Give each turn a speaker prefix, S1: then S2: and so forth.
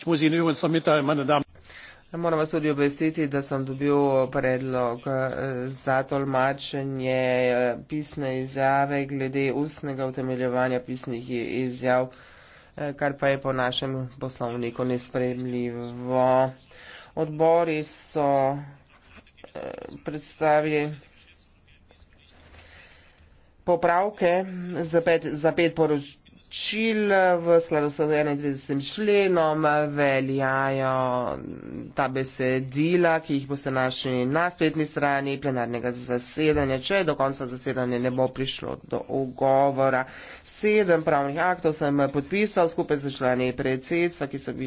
S1: Ich muss Ihnen übrigens noch mitteilen, meine Damen. Moram vas tudi obvestiti, da sem dobil predlog eh, za tolmačenje eh, pisne izjave glede ustnega utemeljevanja pisnih izjav, eh, kar pa je po našem poslovniku nespremljivo. Odbori so predstavili popravke za pet, za pet poroč, določil v skladu s 31. členom veljajo ta besedila, ki jih boste našli na spletni strani plenarnega zasedanja, če do konca zasedanja ne bo prišlo do ugovora. Sedem pravnih aktov sem podpisal
S2: skupaj z člani predsedstva, ki so bili.